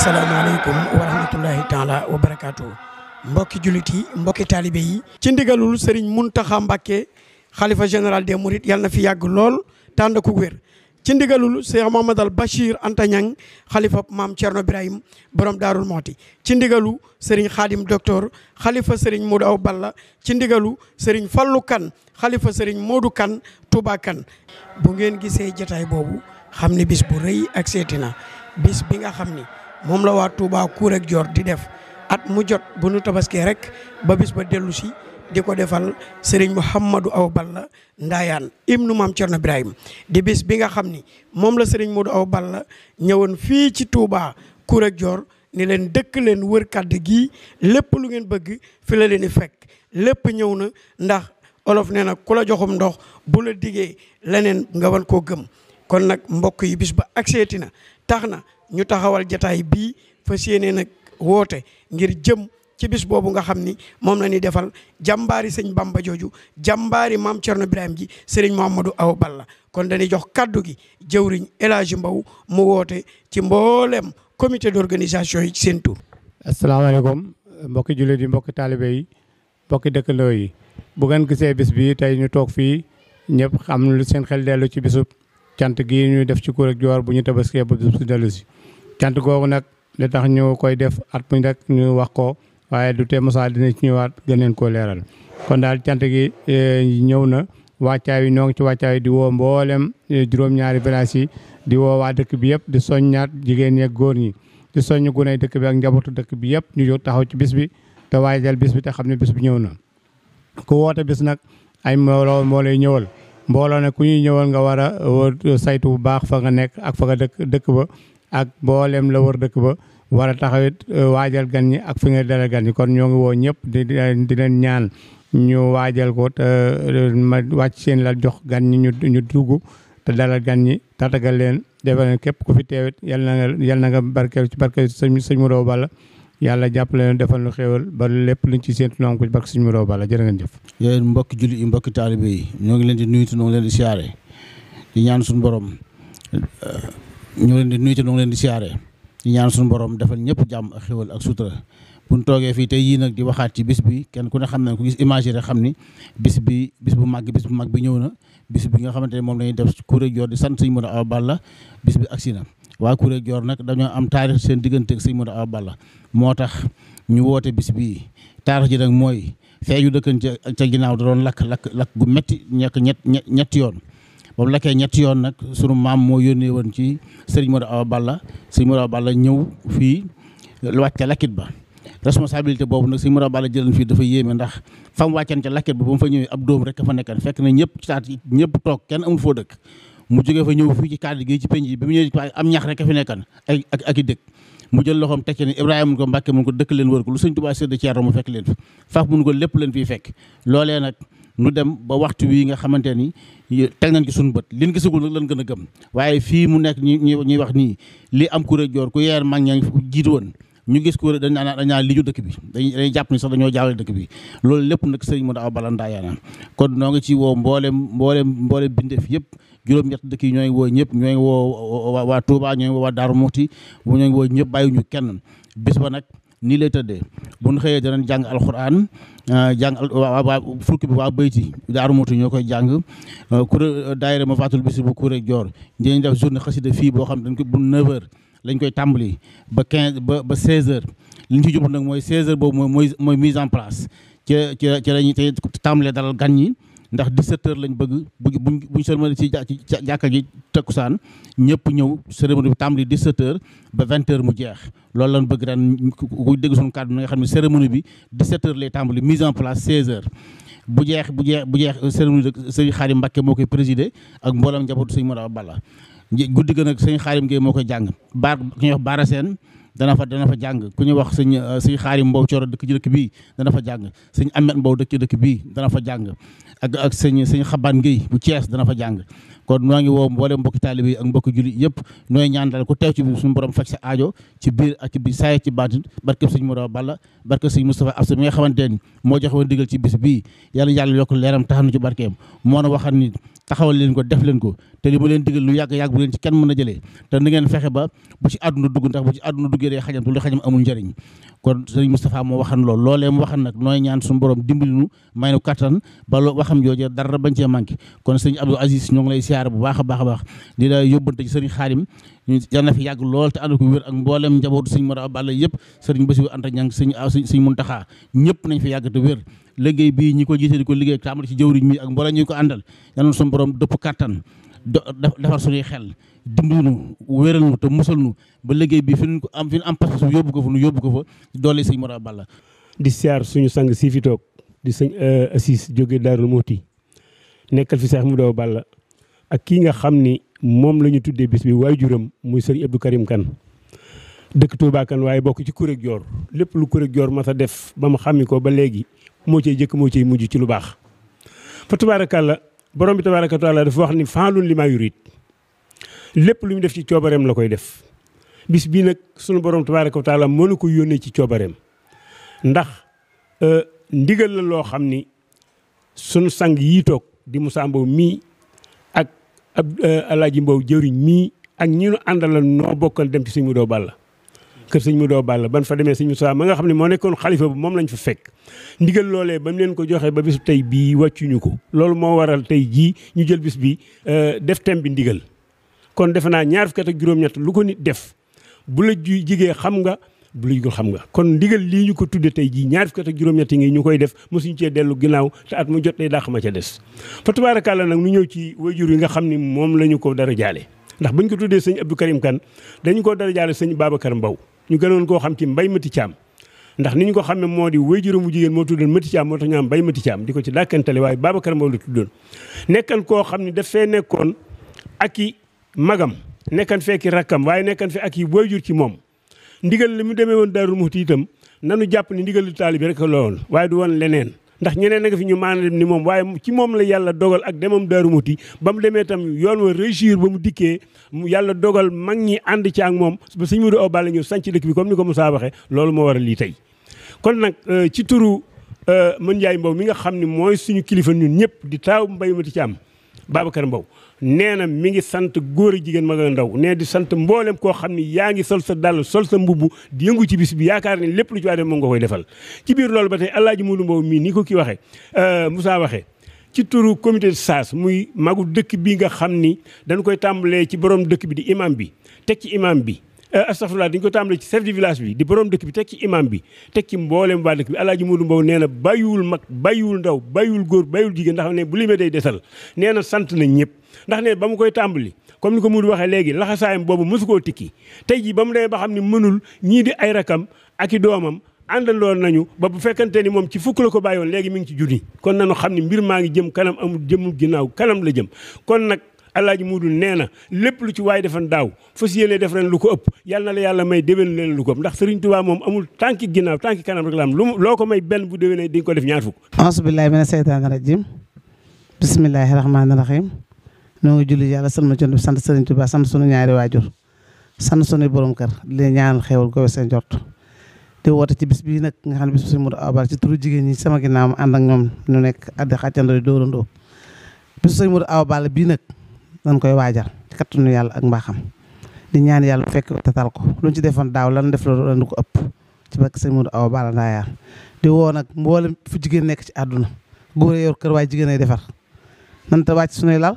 Assalamualaikum warahmatullahi rahmatullahi taala wa barakaatu. mbokki juliti mbokki talibe yi. ci ndigalul serigne muntakha mbake khalifa general des mourid yalna fi yag lol tande ku wer ci ndigalul Cheikh mohammed al bashir antagnang khalifa mam cherno Ibrahim borom darul moti ci ndigalul Serigne Khadim docteur khalifa Serigne Modou Aw Balla ci ndigalul Serigne Fallou kan khalifa Serigne Modou kan Touba kan bu ngeen gisee jotaay bobu xamni bis bu reuy ak setina bis bi nga xamni mom la wa Touba cour ak jor di def at mu jot bu nu tabaske rek ba bis ba delu ci diko defal Serigne mohammedou Awa Balla ibnu Maam tierno ibrahim di bis bi nga xamni mom la Serigne Modou Awa Balla ñëwoon ci Touba cour ak jor ni len dekk len wër kaddu gi lepp lu ngeen bëgg fi la leni fekk lepp ñewna ndax olof neena kula joxum ndox bu la diggé lenen nga wan ko gëm kon nak mbokk yi bis ba ñu taxawal jotaay bi fas yéene nag woote ngir jëm ci bis bobu nga xamni ni moom la ñuy defal jàmbaari sëñ Bamba jooju jambaari mam Thierno ibrahim ji sëriñ Mouhamadou aw Balla kon dañuy jox kaddu gi jëwriñ elage mbaw mu wote ci mbollem comité d'organisation yi ci tour assalamu alaykum mbokki julé di mbokki talibé yi mbokki dëkkandoo yi bu gën gisé bis bi tay ñu tok fi ñëpp xam lu seen xel ci bisub cant gi ñu def ci ak bu ñu tabaské bu bisub ci cant googu nag li tax ñu koy def at mu nekk ñu wax ko waaye du te Moussa dina ci ñëwaat gën leen koo leeral kon daal cant gi e, ñëw na wàccaay wi ñoo ci wàccaay wi di woo mboolem e, juróom-ñaari village yi di woo waa dëkk bi yëpp di soññaat jigéen ñi góor ñi di soññ guney dëkk bi ak njabootu dëkk bi yëpp ñu jóg taxaw ci bis bi te waajal bis bi te xam ne bis bi ñëw na ku woote bis nag ay mbooloo moo ñëwal mbooloo ne ku ñuy ñëwal nga war a saytu bu baax fa nga nekk ak fa dëkk dëkk ba ak mboolem la war dëkk ba war a taxawit euh, waajal gan ñi ak fi nga dalal gan ñi kon ñoo ngi woo ñëpp di di di leen ñaan ñu waajal ko te euh, ma wàcc seen la jox gan ñi ñu ñu dugg te dalal gan ñi tatagal leen defal leen képp ku fi teewit yal na nga yal na nga barkeel ci barkeel sëñ sëñ Modou yàlla jàppale leen defal lu xéewal ba lépp luñ ci séentu noonu ko ci barke sëñ Modou Balla jërë ngeen jëf. yéen mbokki jullit yi mbokki taalibe yi ngi leen di nuyu ñoo ngi leen di siyaare di ñaan suñu borom. Euh, ñoo leen di nuyu te ñoo ngi leen di siyaare di ñaan suñu borom defal ñëpp jàmm ak xéwal ak sutura bu ñu toogee fii te yii nag di waxaat ci bis bi kenn ku ne xam ne ku gis image yi rek xam ni bis bi bis bu mag bis bu mag bi ñëw na bis bi nga xamante ne moom lañuy def kuréel joor di sant Sëñ Modou Awa Balla bis bi agsi na waa kuréel joor nag dañoo am taarix seen diggante ak Sëñ Modou Awa Balla moo tax ñu woote bis bii taarix ji nag mooy feeju dëkkan ca ca ginnaaw da doon lakk lakk lakk gu metti ñekk ñetti yoon ba mu lekkee ñetti yoon nag sunu maam moo yónnee woon ci Serigne Modou Awa Balla Serigne Modou Awa Balla ñëw fii lu wàcc ca lakkit ba responsabilité boobu nag Serigne Modou Awa Balla jëlan fii dafa yéeme ndax fa mu wàcceen ca lakkit ba ba mu fa ñëwee ab dóom rek fa nekkan fekk na ñëpp ci taat ñëpp toog kenn amul foo dëkk mu jógee fa ñëw fii ci cadre gi ci penc yi bi mu ñëwee am ñax rek fi nekkan ay ak ak i dëkk mu jël loxoom teg ci ne mun ko Mbàkke mun ko dëkk leen wër ko lu Sëñ Tuubaa sédd ceerno mu fekk leen fi faaf mun ko lépp leen fii fekk loolee nag nu dem ba waxtu wi nga xamante ni teg ki ci suñu bët liñ gisagul nag lan gën a gëm waaye fii mu nekk ñu ñuy wax nii li am kuré joor ku yeer mag ña jiitu woon ñu gis ko dañ naan dañ naan li ñu dëkk bi dañuy jàpp ni sax dañoo jaawale dëkk bi loolu lépp nag sëriñ Modou Awa Balla Ndayane kon noo ci woo mboolem mboolem mboolem bindeef yëpp juróom-ñett dëkk yi ñoo ngi woo ñëpp ñooy ngi woo waa Touba ñoo ngi woo waa Darou Mouhty ñoo ngi woo ñëpp bàyyiwuñu kenn bis ba nag nii lay tëddee bu ñu xëyee danañ jàng alxuraan ah, jàng waa waa fukki bi waa bayti daaru motu ñoo koy jàng ah, kuré ah, daayira ma faatul bisi bu kuré joor dinañ def journée xasida fii boo xam dañ ko bu 9 heures lañ koy tàmbali ba 15 ba ba 16 heures li ñu ci jublu nag mooy 16 heures boobu mooy mooy mise en place ci ci ci tàmbalee dalal gan ñi ndax 17 heures lañ bëgg bu buñ buñ cérémonie ci jàkka ji takkusaan ñëpp ñëw cérémonie bi tàmbali 17 heures ba 20 heures mu jeex loolu lañ bëgg ren ku dégg suñu kàddu na nga xam ne cérémonie bi 17 heures lay tàmbali mise en place 16 heures bu jeex bu jeex bu jeex euh, cérémonie de sëñ Xaadim Mbàkke moo koy présider ak mboolem njabootu sëñ Modaw bala guddi ga nag sëñ Xaadim Gueye moo koy jàng baar ku ñuy Seen dana fa dana fa jàng ku ñuy wax sëñ euh, sëñ xaarim mbow coro dëkk ci dëkk bii dana fa jàng sëñ amet mbow dëkk ci dëkk bii dana fa jàng ak ak sëñ sëñ xabaan Guèye bu Thiès dana fa jàng kon noo ngi woo mboolem mbokki taalibe yi ak mbokki jullit yëpp nooy ñaan dal ku teew ci suñu borom faj sa aajo ci biir ak ci biir saay ci baatin barkeb sëñ Moura Balla barkeb sëñ Moustapha Absa mi nga xamante ni moo joxe woon digal ci bis bii yàlla yàlla yokk leeram taxam na ci barkeem moo na waxal ni taxawal leen ko def leen ko te li ma leen digal lu yàgg yàgg bu leen ci kenn mën a jëlee te ni ngeen fexe ba bu ci àdduna dugg ndax bu ci àdduna duggee day xajam te lu xajam amul njëriñ kon sëriñ Moustapha moo waxan lool loolee mu waxan nag nooy ñaan suñu borom dimbali nu may kattan ba loo waxam joojee dara bañ cee manqué kon sëriñ Abdou Aziz ñoo ngi lay siyaar bu baax baax a baax di la yóbbante ci sëriñ Xaadim na fi yàgg lool te ànd ko wér ak mboolem njabootu sëriñ Mara Balla yëpp sëriñ Bassirou Anta Niang sëriñ sëriñ Muntaxa ñëpp nañ fi yàgg wér liggéey bii ñi ko jiite di ko liggéey tàmbali ci jëwriñ mi ak mboolem ñu ko àndal yal na suñu borom dëpp kattan defar suñuy xel dimbali nu wéral nu te musal nu ba liggéey bi fi ñu ko am fi ñu am yóbbu ko fa nu yóbbu ko fa doole sëñ Mor Balla di siyaar suñu sang sii fi toog di sëñ euh, Assis jóge Daarul Muuti nekkal fi Seex doo Balla ak kii nga xam ni moom lañu tuddee bis bi waaye waajuram muy sëñ Abdou Karim Kane dëkk Touba Kane waaye bokk ci kuréel joor lépp lu kuréel joor ma a def ba mu xàmmi ko ba léegi moo cay jëkk moo cay mujj ci lu baax fa tabaarakalla borom bi tabaaraka wa taala dafa wax ni faalun li maa yurid lépp lu ñu def ci coobareem la koy def bis bii nag sunu borom tabaaraka wa taala mënu ko yónnee ci coobareem ndax euh, ndigal la loo xam ni sunu sang yii toog di musaa Mbow mii ak ab euh, Alaaji Mbow jëriñ mii ak ñi nu àndal noo bokkal dem ci suñu mu doo bàlla kër sëñ mu doo Balla ban fa demee sëñ Moussa ma nga xam ne moo nekkoon xalifa bu moom lañ fa fekk ndigal loolee ba mu leen ko joxee ba bisu tey bii wàccuñu ko loolu moo waral tey jii ñu jël bis bi euh, def thème bi ndigal kon defe naa ñaar fukki ak juróom-ñett lu ko nit def bu la jigee xam nga bu la jigul xam nga kon ndigal lii ñu ko tuddee tey jii ñaar fukki at ak juróom-ñett yi ñu koy def mosuñ cee dellu ginnaaw te at mu jot day daa xama ca des fa tabaarakàlla nag nu ñëw ci wayjur yi nga xam ne moom la ñu ko dara jaale ndax buñ ko tuddee sëñ Abdou Karim Kane dañu ko dara jaale sëñ Babacar Mbow ñu gënoon koo xam ci mbay mati caam ndax ni ñu ko xam xamee moo di wéyjuru mu jigéen moo tuddoon mati caam moo tax ñu am mbay mati caam di ko ci dàkkantale waaye Babacar Mbow la tuddoon nekkan koo xam ne dafee nekkoon ak i magam nekkan fekki rakkam waaye nekkan fi ak i wéyjur ci moom ndigal li mu demee woon Daaru Muxti itam nanu jàpp ni ndigal lu taalibe rek lool waaye du woon leneen ndax ñeneen a fi ñu maanaam ni moom waaye ci moom la yàlla dogal ak demam Daaru Muti ba mu demee tam yoon wa réussir ba mu dikkee yàlla dogal mag ñi ànd ci ak moom ba sëñ Modou Awa Balla ñëw sanc dëkk bi comme ni ko Moussa waxee loolu moo waral lii tey kon nag euh, ci turu euh, mën Njaay Mbow mi nga xam ni mooy suñu kilifa ñun ñëpp di taaw mbay mati ci am baabakar Mbow nee na mi ngi sant góor ak jigéen mag ak ndaw nee di sant mboolem koo xam ni yaa ngi sol sa dàll sol sa mbubb di yëngu ci bis bi yaakaar ne lépp lu ci waa dem moom nga koy defal ci biir loolu ba tey Alaaji Moodu Mbow mii ni ko kii waxee euh, Moussa waxee ci turu comité de saas muy magu dëkk bii nga xam ni dañ koy tàmbalee ci borom dëkk bi di imam bi teg ci imam bi Eh, astafurlah dañ ko tàmbale ci chef du village bi di borom dëkk bi teg ci imam bi teg ci mboolem waa dëkk bi alaaji Modou Mbow nee na bàyyiwul mag bàyyiwul ndaw bàyyiwul góor bàyyiwul jigéen ndax ne bu limee day desal nee na sant nañ ñëpp ndax ne ba mu koy tàmbali comme ni ko Modou waxee léegi laxasaayam boobu mosu koo tikki tey ji ba mu demee ba xam ne mënul ñii di ay rakam ak i doomam àndandoon nañu ba bu fekkante ni moom ci fukk la ko bàyyoon léegi mi ngi ci junni kon nañu xam ne mbir maa ngi jëm kanam amul jëmul ginnaaw kanam la jëm kon nag alaaji muudul nee na lépp lu ci waay defan daaw fas yéene def ren lu ko ëpp yal na la yàlla may déwén leen lu ko ëpp ndax sëriñ Tuubaa moom amul tànki ginnaaw tànki kanam rek la am lu loo ko may benn bu déwénee di nga ko def ñaar fukk ansbilahi mina seytaani rajim bismillahi rahmaani rahim ñoo ngi julli yàlla sën ma con sant sëriñ Tuubaa sant sunu ñaari waajur sant sunu borom kër li ñaanal xewal ko seen jort te woote ci bii nag nga xam ne bis bu suñu Modou jigéen ñi sama ginnaaw ànd ak ñoom ñu nekk addi xàccandoo dóorandoo bis suñu Modou Awa bii nag dañ koy waajal kattanu yàlla ak mbaaxam di ñaan yàlla fekk tatal ko luñ ci defoon daaw lan def loolu du ko ëpp ci barke sëñ Modou Awa Balla Ndayaan di woo nag mboolem fu jigéen nekk ci àdduna góor yor kër waaye jigéen ay defar nanta ta wàcc suñuy lal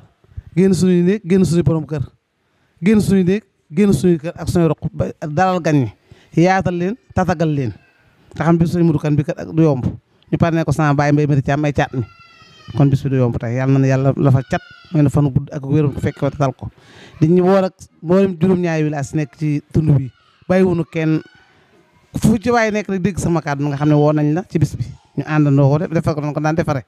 génn suñuy néeg génn suñuy borom kër génn suñuy néeg génn suñuy ak suñuy roq ba dalal gan ñi yaatal leen tatagal leen te xam bi sëñ Modou kan bi kat ak du yomb ñu parne ko sama baay mbay mari ci am ay mi kon bis bi du yomb tey yàlla na yàlla la fa cat mooy na fanu gudd ak wér fekk fekkee tal ko dañuy woor ak mboolem juróom-ñaari wilaas nekk ci tund bi bàyyiwunu kenn fu ci waay nekk rek dégg sama kàddu nga xam ne woo nañ la ci bis bi ñu àndandoo ko defal ko ko daan defare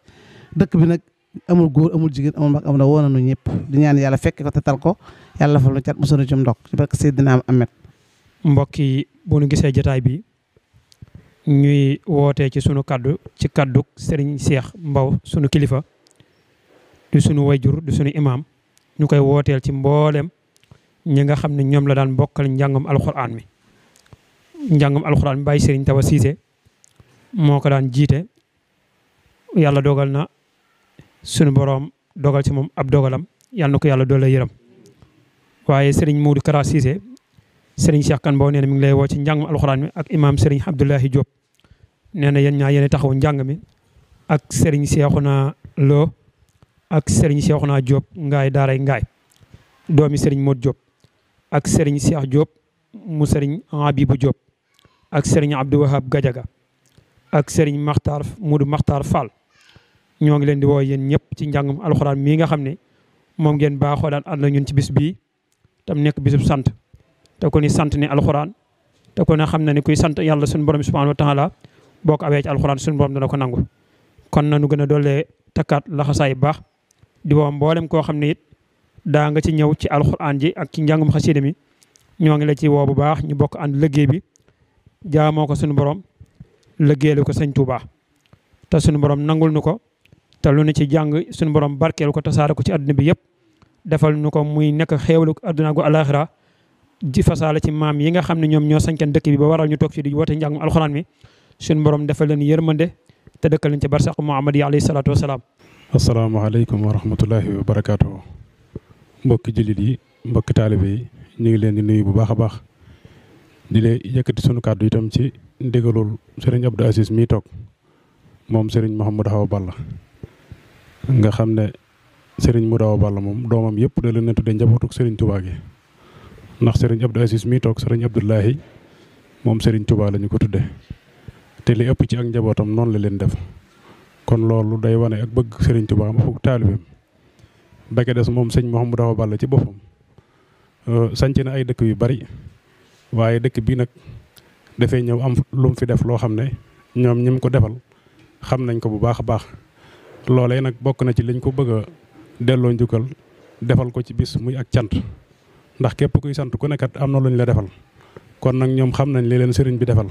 dëkk bi nag amul góor amul jigéen amul mag amul na woo nañu ñëpp di ñaan yàlla fekke ko tal ko yàlla fal nu cat mosanu ci ndok ci barke Seydina Ahmed mbokk yi bu nu gisee jataay bi ñuy wootee ci sunu kaddu ci kaddu Serigne Cheikh Mbaw sunu kilifa du sunu wayjur du sunu imaam ñu koy wooteel ci mboolem ñi nga xam ne ñoom la daan bokkal njàngam alxuraan mi. njàngum alxuraan mi bàyyi Serigne Tawa Cissé moo ko daan jiite yàlla dogal na sunu boroom dogal ci moom ab dogalam yàlla na ko yàlla doole yëram waaye Serigne Modou Kara Cissé sering Cheikh kan Mbow nee na mi ngi lay ci mi ak Imam sering Abdullah hijab, nee na yéen ñaa yéen taxaw njàng mi ak sëriñ Lo ak sëriñ Cheikhouna Diop ngay ngai ngay, doomi sëriñ mod job ak sëriñ Cheikh Diop mu sëriñ Habibou job ak sëriñ Abdou Wahab gajaga, ak sering Makhtar Modou Makhtar Fall ñoo ngi leen di woo yéen ñëpp ci njàngum alxuraan mii nga xam ne moom ngeen baaxoo daan ñun sant te ko ni sant ni alquran te ko ne xamna ni kuy sant yalla sun borom subhanahu wa taala bok awé ci alquran sun borom dana ko nangu. kon nañu gëna dolé takkat la bax di wam mboolem ko xamni it da nga ci ñew ci alquran ji ak ci jangum xasida mi ñoo la ci wo bu baax ñu bok and liggéey bi jaamoo ko sun borom liggéeyal ko señ touba ta sun borom nangul nuko, ta lu ne ci jang sun borom barkel ko ko ci aduna bi yëpp defal nuko muy nek xewlu aduna gu alakhirah di fasale ci mam yi nga xamni ñom ñoom ñoo sañkan dëkk bi ba waral ñu tok ci di wote njàngum alquran mi suñu borom defal leen yermande te dëkkal leen ci barsaq Muhammad ali sallatu salaatu assalamu alaykum wa rahmatullahi wa barakatuh mbokk jëlit yi mbokk taalibe yi ngi leen di nuyu bu baaxa baax di leen yëkëti suñu kaddu itam ci ndigalul serigne Abdou Aziz mi tok mom serigne mohammed Balla nga xamne ne mudaw mom Balla mom domam yëpp da leen a tuddee njabootuk sëriñ gi ndax sëriñ Abdou Aziz mii toog sëriñ Abdoulahi moom sëriñ Touba la ko tudde te li ëpp ci ak njabootam noonu la leen def kon loolu day wane ak bëgg sëriñ Touba ma foog taalibeem ba des moom sëñ Mouhamadou Awa Balla ci boppam euh, sañc na ay dëkk yu bari waaye dëkk bii nag dafay ñëw am lu fi def loo xam ne ñoom ñi ko defal xam nañ ko bu baax a baax loolee nag bokk na ci lañ ko bëgg a delloo njukkal defal ko ci bis muy ak cant ndax képp kuy sant ku nekkat am na lu la defal kon nag ñoom xam nañ li leen sëriñ bi defal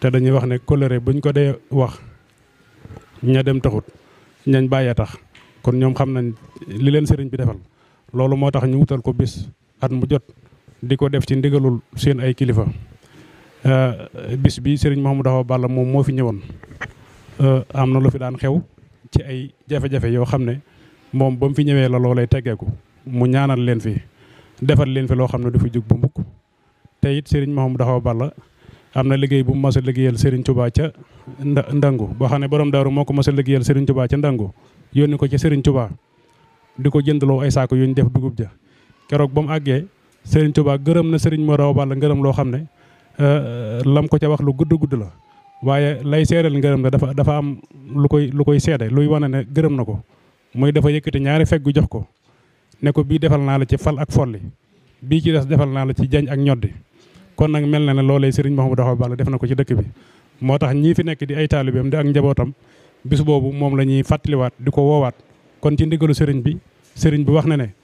te dañuy wax ne coloré buñ ko dee wax ña dem taxut ñañ bàyyee tax kon ñoom xam nañ li leen sëriñ bi defal loolu moo tax ñu wutal ko bis at mu jot di ko def ci ndigalul seen ay kilifa euh, bis bi sëriñ Mouhamadou Awa Balla moom moo fi ñëwoon euh, am na lu fi daan xew ci ay jafe-jafe yoo xam ne moom ba mu fi ñëwee la loolay teggeeku mu ñaanal leen fi defal leen fi loo xam ne du fi jug bu mbukk te it ma Mouhamadou Awa Balla am na liggéey bu mu mas a liggéeyal Serigne Touba ca ndangu boo xam ne borom daaru moo ko mas a liggéeyal Serigne Touba ca ndangu yónni ko ca Serigne Touba di ko jëndaloo ay saako yu ñu def dugub ja keroog ba mu àggee Serigne Touba gërëm na Serigne Mouhamadou Awa Balla ngërëm loo xam ne euh, lam ko ca wax lu gudd gudd la waaye lay seedal ngërëm la dafa dafa am lu koy lu koy seede luy wane ne gërëm na ko muy dafa yëkkati ñaari feggu jox ko ne ko bii defal naa la ci fal ak folli bii ci des defal naa la ci jañ ak ñoddi kon nag mel na ne loolee sëriñ Mouhamadou Awa Balla def na ko ci dëkk bi moo tax ñii fi nekk di ay taalibeem di njabootam bis boobu moom la ñuy fàttaliwaat di ko woowaat kon ci ndigalu sëriñ bi sëriñ bi wax na ne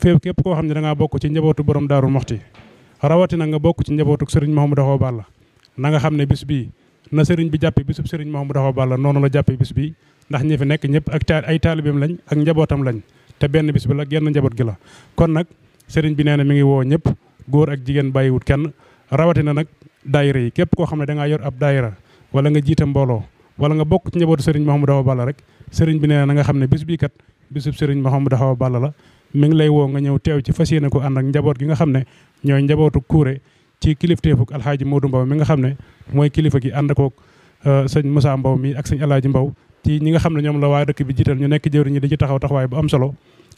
fépp képp koo xam ne da bokk ci njabootu borom daaru moxti rawatina nga bokk ci njabootu sëriñ Mouhamadou Awa Balla na nga xam ne bis bii na sëriñ bi jàppe bisub sëriñ Mouhamadou Awa Balla noonu la jàppe bis ndax ñi fi nekk ñëpp ak ay taalibeem lañ ak njabootam lañ te benn bis bi la genn njabot gi la kon nak serigne bi neena mi ngi wo ñep goor ak bayi wut kenn na nak daayira yi kep ko xamne da nga yor ab daayira wala nga jita mbolo wala nga bok ci njabootu sëriñ Mouhamadou Balla rek serigne bi neena nga xamne bis bi kat bisub serigne Mouhamadou Awa Balla la mi ngi lay wo nga ñew tew ci fasiyene ko and ak njabot gi nga xamne ñoy njabotu njabootu ci kilifteefuk alhaji Modou Mbaw mi nga xamne moy kilifa gi ànd koog euh, serigne Moussa Mbaw mi ak serigne alaaji Mbaw ci ñi nga xam ne ñoom la waa dëkk bi jiital ñu nekk jëwri ñi di ci taxaw taxawaay bu am solo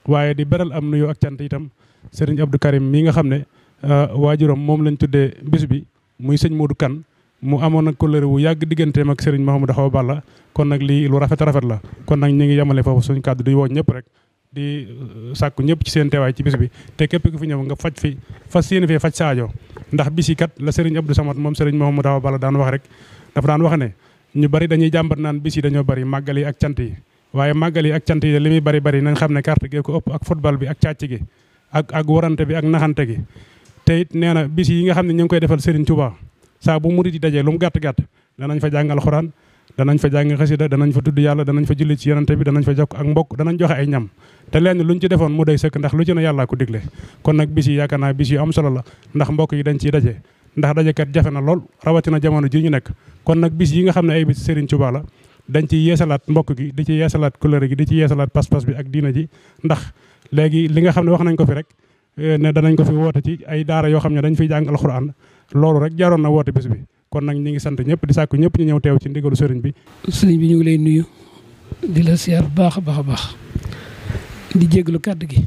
waaye di beral am nuyu ak cant itam sëriñ Abdou Karim mi nga xam ne euh, waajuram moom lañ tuddee bis bi muy sëñ Modou kan mu amoon ak kóllëre wu yàgg digganteem ak sëriñ Mahamadou xaw Balla kon nag lii lu rafet rafet la kon nag ñi ngi yemale foofu suñu kàddu di woo ñëpp rek di euh, sàkku ñëpp ci seen teewaay ci bis bi te képp ku fi ñëw nga faj fi fas seen fee faj saajo ndax bis yi kat la sëriñ Abdou Samad moom sëriñ Mahamadou xaw Balla daan wax rek dafa daan wax ne ñu bari dañuy jàmbat naan bisi yi dañoo bari màggal yi ak cant yi waaye màggal yi ak cant yi li bari bari nañ xam ne carte gi ko ak football bi ak càcc gi ak ak warante bi ak naxante gi te it nee na bis yi nga xam ne ñu ngi koy defal Serigne Touba saa bu murid yi dajee lu mu gàtt gàtt danañ fa jàngal xuraan danañ fa jàng xasida danañ fa tudd yàlla danañ fa julli ci yonante bi danañ fa jokk ak mbokk danañ joxe ay ñam te lenn luñ ci defoon mu doy sëkk ndax lu ci na yàllaa ko digle kon nag bis yi yaakaar am solo la ndax mbokk yi dañ ciy daje ndax kat jafé na rawati na jamono ji ñu nek kon nak bis yi nga xamné ay bis Serigne Touba la dañ ci yéssalat mbokk gi di ci yéssalat couleur gi di ci yéssalat pass pass bi ak diina ji ndax légui li nga xamné wax nañ ko fi rek eh, ne danañ ko fi wota ci ay daara yo xamné dañ fi jang alcorane lolou rek jaron na wota bis bi kon nak ñi ngi sant ñëpp di sakku ñëpp ñu ñew tew ci ndigalu serigne bi serigne bi ñu ngi lay nuyu di la siyaar baax baax baax di jéglu kaddu gi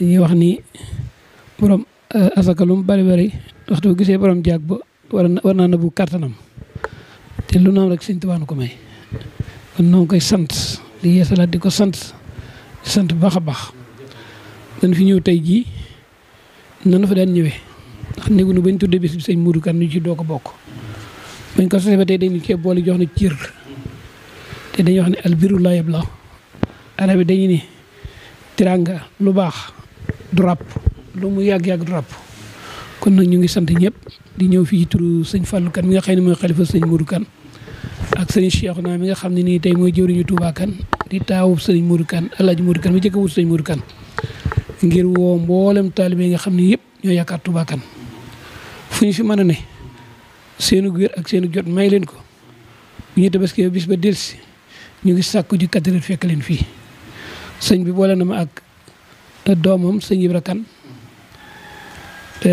ñi wax ni borom Eh, asaka lu mu bari bari waxtu bu gisee borom jaag ba war na war naa na bu kàttanam te lu naam rek Sëñ Tuubaa ko may kon noo ngi koy sant di yeesalaat di ko sant sant bu baax a baax. dañ fi ñëw tey jii nan fa daan ñëwee ndax néegu nu bañ tuddee bis bi sëñ Modou Kane ci doo ko bokk bañ ko sosee ba tey dañu cee boole jox na cër te dañuy wax ne albiru laa yëpp la arabe dañ ne tiranga lu baax du lu mu yàgg-yàgg du ràpp kon nag ñu ngi sant ñëpp di ñëw fii ci turu sëñ Fallou Kane mi nga xam ne mooy xalifa sëñ Modou kan ak sëñ Cheikh naa mi nga xam ne nii tey mooy jëwriñu Touba Kane di taawu sëñ Modou Kane alaaji Modou Kane mi jëkk wut sëñ Modou Kane ngir woo mboolem taalibe yi nga xam ne yëpp ñoo yaakaar Touba Kane fu ñu fi mën a ne seenu wér ak seenu jot may leen ko bu ñu tabaskee bis ba delsi ñu ngi sàkku ji quatre fekk leen fii sëñ bi boole na ma ak doomam sëñ Ibra Kane té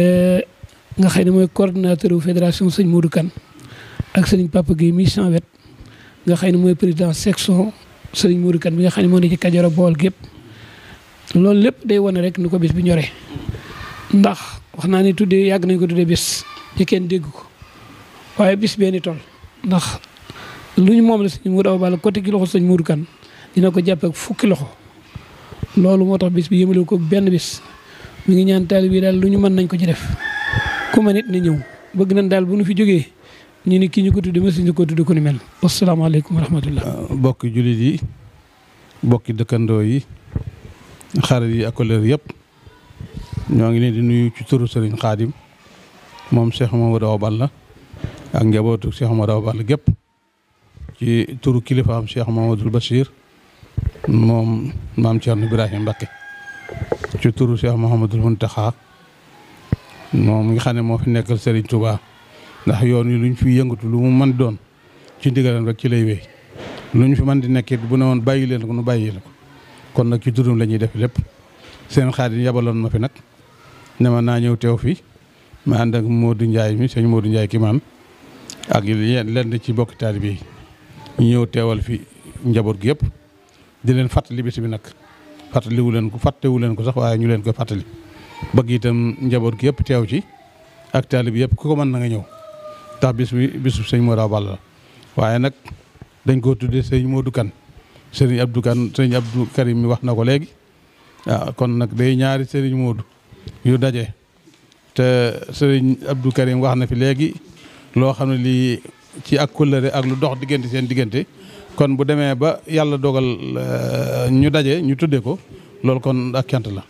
nga xëy moy coordinateur wu fédération seigne Modou kan ak seigne Papa gay mi cent wet nga xëy moy président section seigne Modou kan bi nga xam mo moo ne ci Kajoor bol gep lool lepp day wone rek niko bis bi ñoré ndax waxna ni tuddé yag nañ ko tuddé bis ci kenn dégg ko waye bis benn tool ndax luñu mom la seigne Modou Awa côté ki loxo seigne Modou kan dina ko jàpp ak fukki loxo loolu motax bis bi yëmale ko ben bis mi ngi ñaan taalibe yi daal lu ñu mën nañ ko ci def ku ma nit na ñëw bëgg nañ daal bu nu fi jógee ñu ni kii ñu ko tudd mësuñu ko tudd ku ni mel. asalaamaaleykum wa rahmatullah. Ah, bokki jullit yi bokki dëkkandoo yi xarit yi ak collègue yëpp ñoo ngi leen di nuyu ci turu Serigne Khadim moom Cheikh Mamadou Awa Balla ak njabootu Cheikh Mamadou Awa Balla gépp ci turu kilifaam Cheikh Mamadou Bachir moom maam Thierno Ibrahima Mbacké ci turu Cheikh Mouhamadul Mountakha moom nga xam ne moo fi nekkal Serigne tubaa ndax yoon yi luñ fi yëngatu lu mu mën doon ci ndigalam rek ci lay wéy luñ fi mën di nekkit bu ne woon bàyyi leen ko nu bàyyi leen ko kon nag ci turum la ñuy def lépp seen xaadim yabaloon ma fi nag ne ma naa ñëw teew fi ma ànd ak Modou njaay mi sëñ Modou Ndiaye ki maam ak lenn ci bokki taalibe yi ñëw teewal fi njaboot gi yëpp di leen fàttali libis bi nag. fàttaliwu leen ko fàttewu leen ko sax waaye ñu leen koy fàttali bëgg itam njaboot gi yëpp teew ci ak taalib yëpp ku ko mën na nga ñëw tax bis bi bisu sëñ Modou Awa Balla waaye nag dañ koo tuddee sëñ Modou Kane sëriñ Abdou Kane sëriñ Abdou Karim mi wax na ko léegi waaw ah, kon nag day ñaari sëriñ Modou yu daje te sëriñ Abdou Karim wax na fi léegi loo xam ne lii ci ak kóllëre ak lu dox diggante seen diggante kon bu demee ba yàlla dogal euh, ñu daje ñu tuddee ko loolu kon ak cant la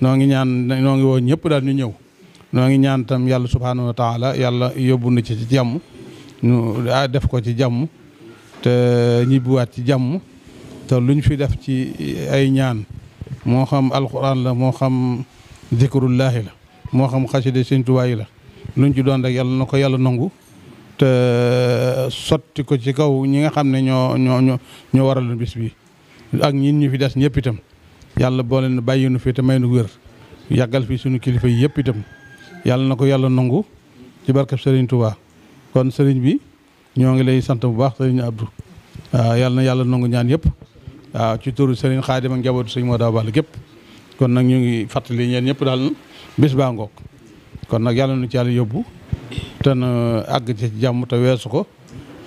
noo ngi ñaan noo ngi woo ñëpp daal ñu ñëw noo ngi ñaan tam yàlla subhaanahu wa taala yàlla yóbbu na ci ci jàmm ñu ah, def ko ci jàmm te ñibbiwaat ci jàmm te luñ fi def ci ay ñaan moo xam alxuraan la moo xam zikrullahi la moo xam xaside sëñ Tuubaa la luñ ci doon rek yàlla na ko yàlla nangu te uh, sotti ko ci kaw ñi nga xam ne ñoo ñoo ñoo ñoo bis bi ak ñin ñu fi des ñëpp itam yàlla boo leen bàyyi nu fi te may nu wér yàggal fi suñu kilifa yi yëpp itam yàlla na ko yàlla nangu ci barkeb Serigne tubaa kon sëriñ bi ñoo ngi lay sant bu baax sëriñ Abdou waaw ah, yàlla na nangu ñaan yëpp waaw ah, ci turu Serigne Khadim ak njabootu Serigne Modou Ball gépp kon nag ñu ngi fàttali ñeen ñëpp daal bis baa ngoog kon nag yàlla nu ci yàlla yóbbu. te na àgg ci jàmm te weesu ko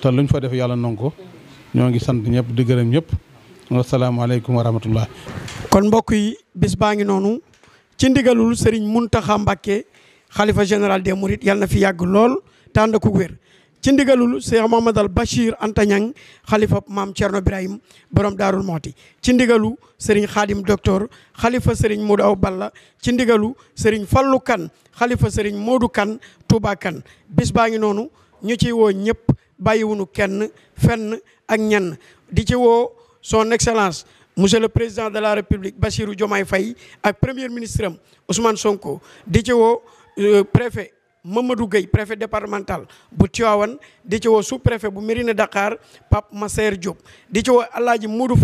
te luñ fa def yàlla nangu ko ñoo ngi sant ñëpp di gërëm ñëpp asalaamaaleykum wa kon mbokk yi bis baa ngi noonu ci ndigalul Serigne Mountakha Mbacké xalifa général des Mourides yàlla na fi yàgg lool tànd ku wér ci ndigalul Cheikh Mouhamadal Bachir Anta Niang xalifa maam Thierno Birahim borom Daarul Mooti ci ndigalu Serigne Khadim docteur xalifa Serigne Modou Aw Balla ci ndigalu Serigne Fallou Kane xalifa Serigne Modou Kane Touba Kane baa ngi noonu ñu ci woo ñëpp bàyyiwunu kenn fen ak ñenn di ci woo son excellence monsieur le président de la république Bassirou Diomaye fay ak premier ministre am Sonko di ci woo euh, préfet Mamadou Gueye préfet départemental bu Tivaouane di ci woo sous-préfet bu Mérina Dakar Pape Massaer Diop di ci woo Alaaji Modou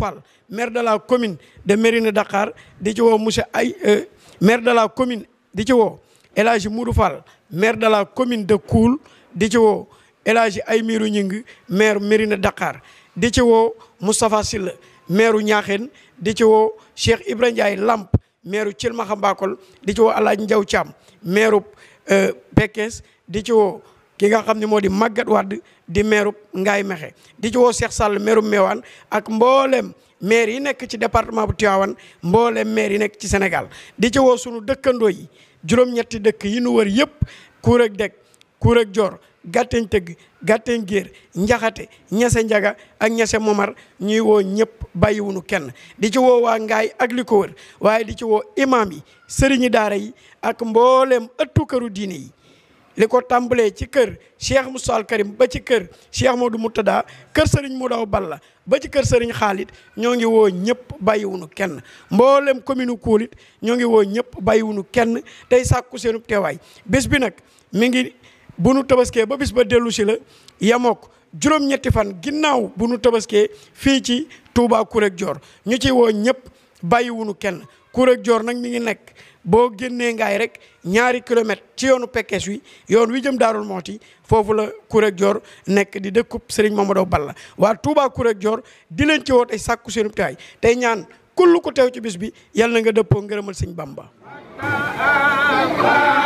maire de la commune de Mérina Dakar di ci woo monsieur ay euh, maire de la commune di ci woo El Hadji maire de la commune de Koul di ci woo El Hadji Aymirou Gningue maire Mérina Dakar di ci woo Moustapha Sylla maire Niakhène di ci woo Cheikh Ibrahima Ndiaye Lamp maire Thilmakha Mbakol di ci woo Alaaji Ndiaw Thiam maire Euh, Pekes di ci woo ki nga xam ni moo di Maguette Wade di meeru ngay Mexe di ci woo Cheikh Sall meeru Mewane ak mboolem maire yi nekk ci département bu Tivaouane mboolem maire yi nekk ci Sénégal di ci woo sunu dëkkandoo yi juróom-ñetti dëkk yi nu wër yëpp Kuur ak Deg Joor gàtteñ tëgg gàtteñ géer njaxate ñese njaga ak ñese momar ñuy woo ñëpp bàyyiwunu kenn di ci woo waa ngaay ak li waaye di ci woo imaam yi sëriñi daara yi ak mboolem ëttu këru diine yi li ko tàmbalee ci kër Cheikh mu al ba ci kër Cheikh Modou Moutada kër Serigne Modaw Balla ba ci kër sëriñ Khalid ñoo ngi woo ñëpp bàyyiwunu kenn mboolem commune u Koulit ñoo ngi woo ñëpp bàyyiwunu kenn tey sàkku seenub teewaay bés bi nag mi bu nu tabaskee ba bis ba dellu si la yamook juróom-ñetti fan ginnaaw bu nu tabaskee fii ci Touba Kurek Dior ñu ci woo ñëpp bàyyiwunu kenn Kurek Dior nag mi ngi nekk boo génnee ngaay rek ñaari kilomètre ci yoonu pekkees wi yoon wi jëm daarul mooti foofu la Kurek Dior nekk di dëkkub Serigne Mamadou Balla waa Touba Kurek Dior di leen ci woote sàkku seenu taay tey ñaan kull ku teew ci bis bi yàlla na nga dëppoo ngërëmal Sëñ Bamba